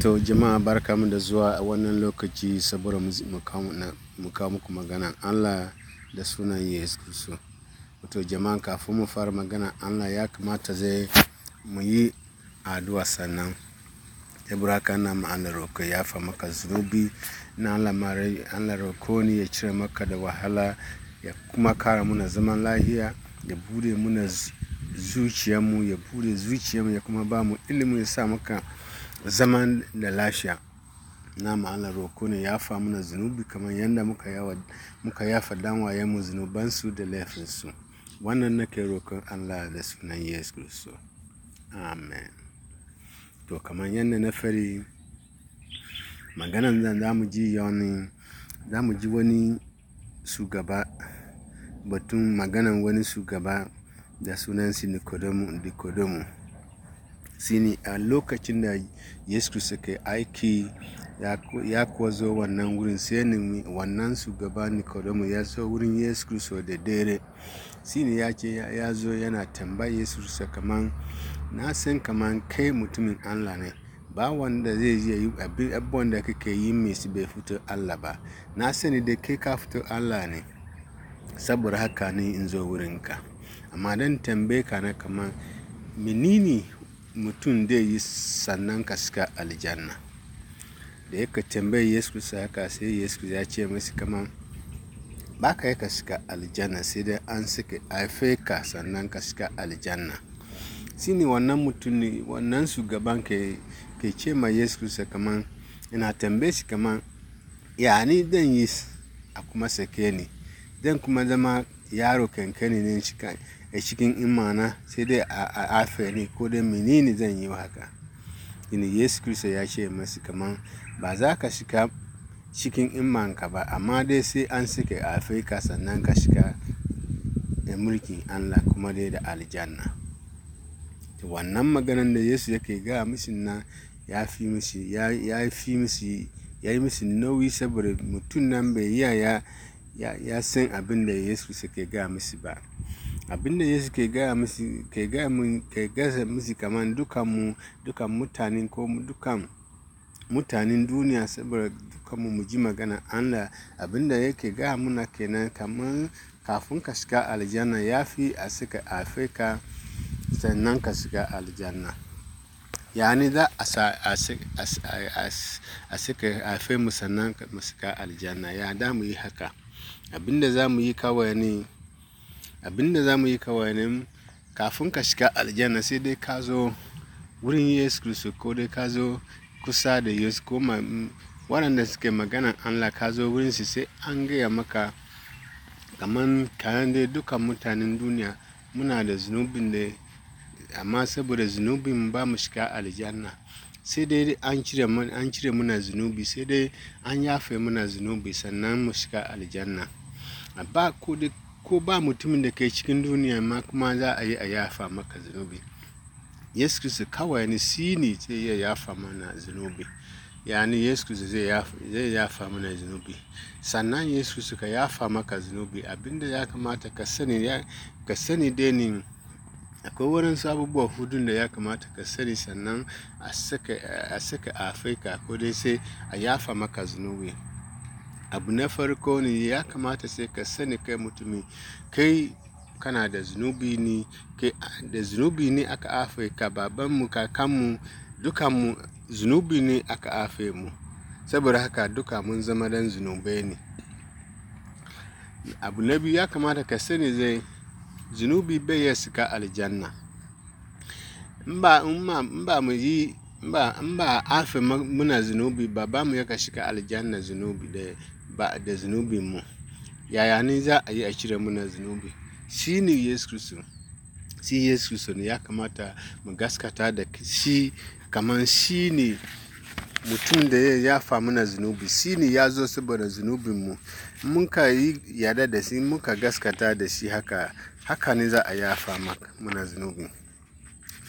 To jama'a mu da zuwa a wannan lokaci saboda mu kawo muku magana Allah da sunan Yesu Kristo. To jama'a kafin mu fara magana Allah ya kamata zai mu yi addu'a sannan. Saboda haka ina ma ya fa maka zunubi na Allah mare Allah roko ne ya cire maka da wahala ya kuma kara muna zaman lahiya ya bude muna zuciyarmu ya bude zuciyarmu ya kuma ba mu ilimi ya sa maka zaman da lashiya na ma'ana roko ne ya fa mana zunubi kamar yadda muka, yafa dan yafa mu zunubansu da laifinsu wannan nake roƙon allah da sunan yesu kristo amen to kamar yadda na fari maganan zan za mu ji wani za mu ji wani shugaba batun maganan wani shugaba da sunansu nicodomu shine a lokacin da Yesu Kiristi ke aiki ya kuwa zo wannan wurin sai wannan wannan shugaba Nicodemus ya zo wurin Yesu kristo da dare shine ya ce ya zo yana tambaya Yesu kristo kaman na san kaman kai mutumin Allah ne ba wanda zai yi abubuwan da kake yi mai su bai fito Allah ba na sani da kai ka fito Allah ne saboda haka ne in zo wurinka amma don tambaye ka na kaman menene mutum zai yi sannan ka suka aljanna da yaka tambayi yesu kirista haka sai yesu ya ce masu kaman ba ka yi ka shiga aljanna sai dai an suka haife ka sannan ka suka aljanna shi ne wannan mutum ne wannan shugaban ke ce ma yesu kusa kaman ina tambaye shi kaman ya ni dan yi a kuma sake ni dan kuma zama yaro kankani ne kan. a cikin imana sai dai a afe ko dai menene zan yi haka ina yesu kirista ya ce masu kaman ba za ka shiga cikin imanka ba amma dai sai an suke afirka sannan ka shiga da mulkin allah kuma dai da aljanna wannan maganan da yesu yake ga musu na ya fi musu ya fi musu ya yi musu nauyi saboda mutum nan bai yaya ya san abin da yesu suke ga musu ba Abin da Yesu ke gaya musu, ke gaya mun, ke gasa musu kaman mu dukan mutanen ko dukan mutanen duniya saboda dukan mu ji magana Allah. Abin da yake gaya muna kenan kaman kafin ka shiga aljanna ya fi a suka haife sannan ka shiga aljanna. Yani za a saka afe mu sannan ka shiga aljanna. Ya da mu yi haka. Abin da za mu yi kawai ne. abinda za mu yi kawai kafin ka shiga aljanna sai dai ka zo wurin yesu kristo ko dai ka zo kusa da yesu ko waɗanda suke maganan allah ka zo wurin su sai an gaya maka kamar kayan dai duka mutanen duniya muna da zunubin da amma saboda zunubin ba mu shiga aljanna sai dai an cire an cire muna zunubi sai dai an yafe muna zunubi sannan mu shiga aljanna ba ko duk ko ba mutumin da kai cikin duniya ma kuma za a yi a yafa maka zunubi yesu kristo kawai ne si ne zai iya yafa mana zunubi yani yesu kristo zai yafa mana zunubi sannan yesu kristo ka yafa maka zunubi abinda ya kamata ka sani ka sani dai akwai wurin abubuwa hudun da ya kamata ka sani sannan a saka a afirka ko dai sai a yafa maka zunubi abu na farko ne ya kamata sai ka sani kai mutumi kai kana da zunubi ne kai da zunubi ne aka afe ka babanmu kakanmu dukanmu zunubi ne aka afe mu saboda haka duka mun zama dan zunubai ne abu na biyu ya kamata ka sani zai zunubi bai yi sika aljanna in ba mu yi in ba afe muna zunubi ba ba mu yaka shiga aljanna zunubi da ba da zunubinmu yaya ne za a yi a cire muna zunubi shi ne yesu kristo shi yesu kristo ne ya kamata mu gaskata da shi kamar shi ne mutum da ya yafa muna zunubi shi ne ya zo saboda zunubinmu ka yi yada da shi ka gaskata da shi haka haka ne za a yafa muna zunubi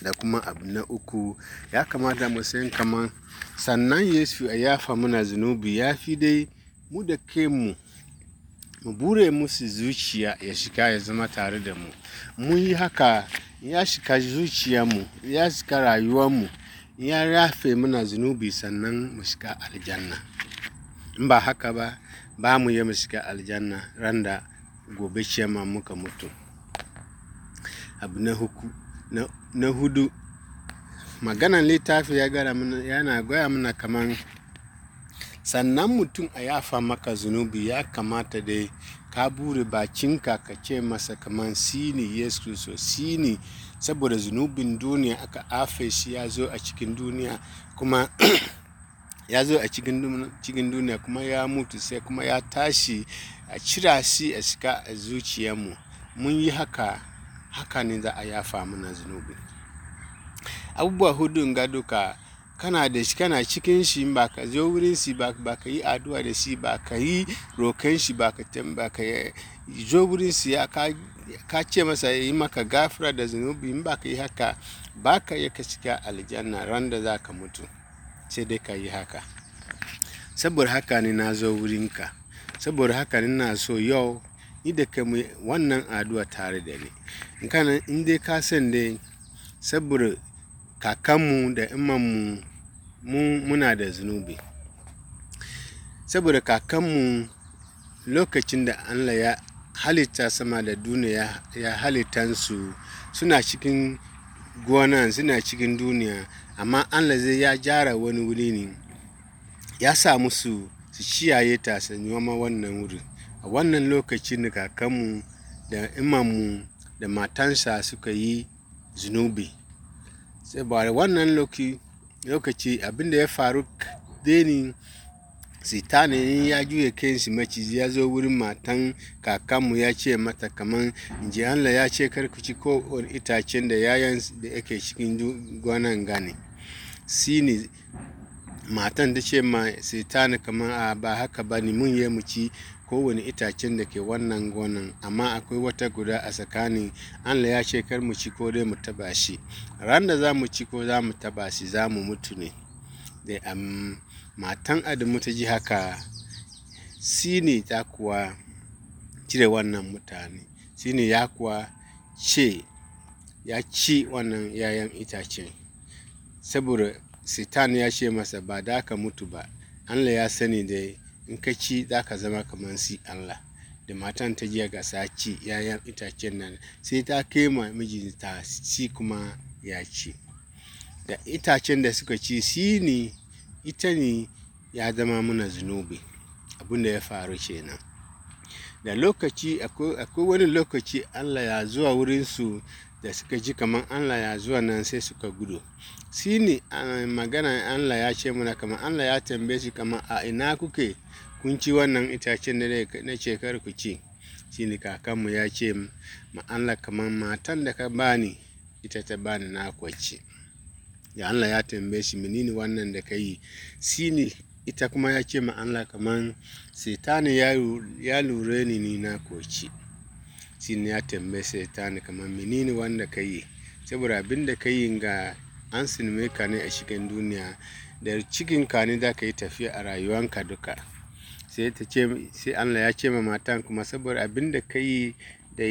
da kuma abu na uku ya kamata mu san kamar sannan yesu ya yafa muna zunubi ya fi dai mu da mu mu bure musu zuciya ya shiga ya zama tare da mu mun yi haka ya shiga zuciyarmu ya shiga mu, ya rafe muna zunubi sannan mu shiga aljanna in ba haka ba ba mu yi mu shiga aljanna ran da gobe ma muka mutu abu na huku na hudu maganan littafi ya gara yana goya mana kaman sannan mutum a yafa maka zunubi ya kamata dai ka bure bakinka ka ce masa kaman sini yesu kristo sini saboda zunubin duniya aka afe shi ya zo a cikin duniya kuma ya zo a cikin duniya kuma ya mutu sai kuma ya tashi a cira shi a shiga a zuciyarmu mun yi haka haka ne za a yafa mana zunubi abubuwa hudun ga duka kana da shi kana cikin shi ba ka zo wurin shi ba ka yi addu'a da shi ba ka yi roƙon shi ba ka ba ka zo wurin shi ka ce masa yi maka gafara da zunubi in ba ka yi haka ba ka yi ka cika aljanna ran da za ka mutu sai dai ka yi haka saboda haka ne na zo ka, saboda haka ne na so yau ni da ka wannan addu'a tare da ni in dai ka san dai saboda kakanmu da imanmu mu muna da zunubi saboda kakanmu lokacin da allah ya halitta sama da duniya ya su suna cikin gona suna cikin duniya amma allah zai ya jara wani wuri ne ya sa musu su ciyaye ta su noma wannan wuri a wannan lokacin da kakanmu da imanmu da matansa suka yi zunubi sai ba wannan lokaci lokaci abin da ya faru deni sitani ya juya shi maciji ya zo wurin matan kakanmu ya ce mata kaman inji Allah ya ce kar ku ci ko itacen da yayan da yake cikin gonan gani sini matan ta ce ma sitani kaman a ba haka ba ni mun yi mu ci kowane itacen da ke wannan gonan amma akwai wata guda a tsakanin Allah ya ce kar mu ci ko dai mu taba shi ran da za mu ci ko za mu taba shi za mu mutu ne da matan adamu ta ji haka sini ta kuwa cire wannan mutane sini ya kuwa ce ya ci wannan yayan itacen saboda sitan ya ce masa ba da ka mutu ba Allah ya sani dai. in ka ci za ka zama kamar si Allah da matan ta jiya ga ci yayan itacen nan sai ta kai ma mijinta ci kuma ya ci da itacen da suka ci si ne ita ne ya zama muna zunubi abinda ya faru kenan da lokaci akwai wani lokaci allah ya zuwa wurinsu da suka ji kamar allah ya zuwa nan sai suka gudu shi ne eh, maganan Allah ya ce mana kamar Allah ya tambaye shi kamar a ina kuke kun ci wannan itacen da na ce kar ku ci shi ne kakanmu ya ce ma Allah kamar matan da ka bani ita ta bani na kwace Ya Allah ya tambaye shi menene wannan da ka yi shi ne ita kuma ya ce ma Allah kamar setani ya lura ni ni na kwace shi ne ya tambaye setani kamar menene wanda ka yi saboda abin da ka yi ga an sinime ka ne a cikin duniya da cikin ka ne za ka yi tafiya a rayuwanka duka sai ta ce sai Allah ya ce ma matan kuma saboda abin da ka yi da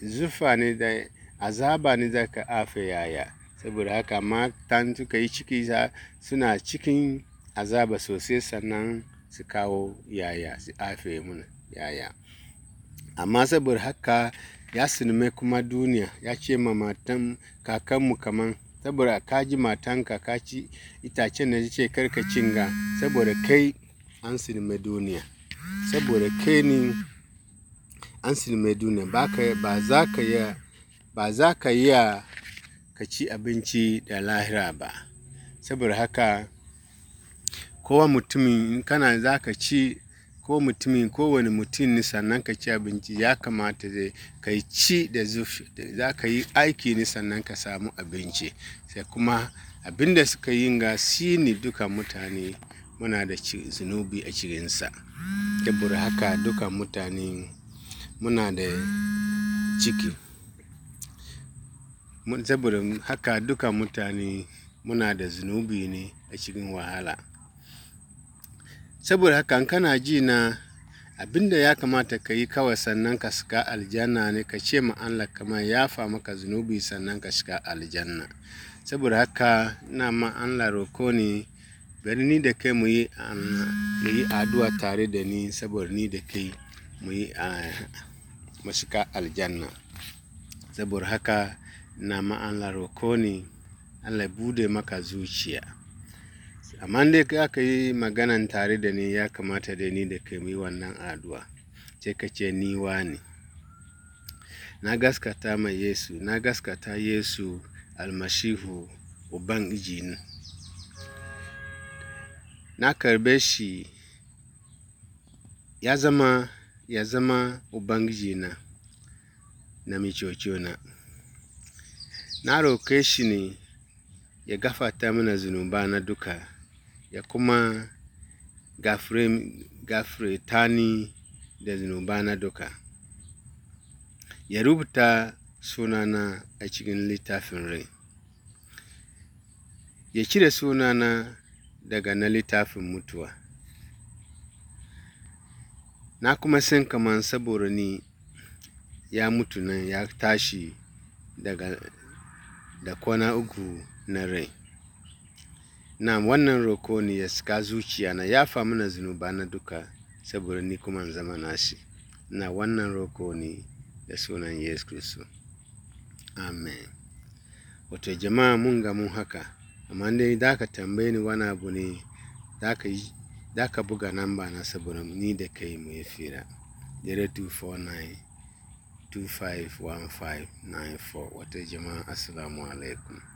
zufa ne da azaba ne za ka afe yaya saboda haka matan suka yi ciki suna cikin azaba sosai sannan su kawo yaya su afe mun yaya amma saboda haka ya sinime kuma duniya ya ce ma matan kakanmu kaman saboda ka ji matanka ka ci itacen da ce karka cinga saboda kai an sinima duniya saboda kai ne an sinima duniya ba za ka yi ba za ka yi ka ci abinci da lahira ba saboda haka kowa mutumin kana za ka ci ko mutumin wani mutum sannan ka ci abinci ya kamata zai ka ci da za ka yi aiki ne sannan ka samu abinci sai kuma abin da suka yi ga shi ne duka mutane muna da zunubi a cikinsa saboda haka duka mutane muna da ciki saboda haka duka mutane muna da zunubi ne a cikin wahala saboda haka kana ji na abinda ya kamata ka yi kawai sannan ka shiga aljanna ne ka ce ma Allah kamar ya fa maka zunubi sannan ka shiga aljanna saboda haka ina ma Allah roko ne bari ni da kai mu yi um, yi addu'a tare da ni saboda ni da kai mu yi uh, mu shiga aljanna saboda haka ina ma Allah roko ne Allah bude maka zuciya amma dai aka yi maganan tare da ni ya kamata da ni da kai yi wannan addu'a sai ka ce ni ne. na gaskata mai yesu na gaskata yesu almashihu uban ijini na karbe shi ya zama ya zama ubangiji na na na roke shi ne ya gafata mana zunuba na duka ya kuma gafure ni da zunubana duka. Ya rubuta sunana a cikin littafin rai. Ya cire sunana daga na littafin mutuwa. Na kuma san kaman saboda ni ya mutu nan ya tashi daga da kwana uku na rai. na wannan roko ne ya sika zuciya na yafa mana zunuba na duka saboda ni kuma in zama nashi na wannan roko ne da sunan yesu kristo amen wato jama'a mun ga mun haka amma dai da ka tambaye ni wani abu ne da ka buga namba na saboda ni da kai mu yi fira 0249 251594 wato jama'a assalamu alaikum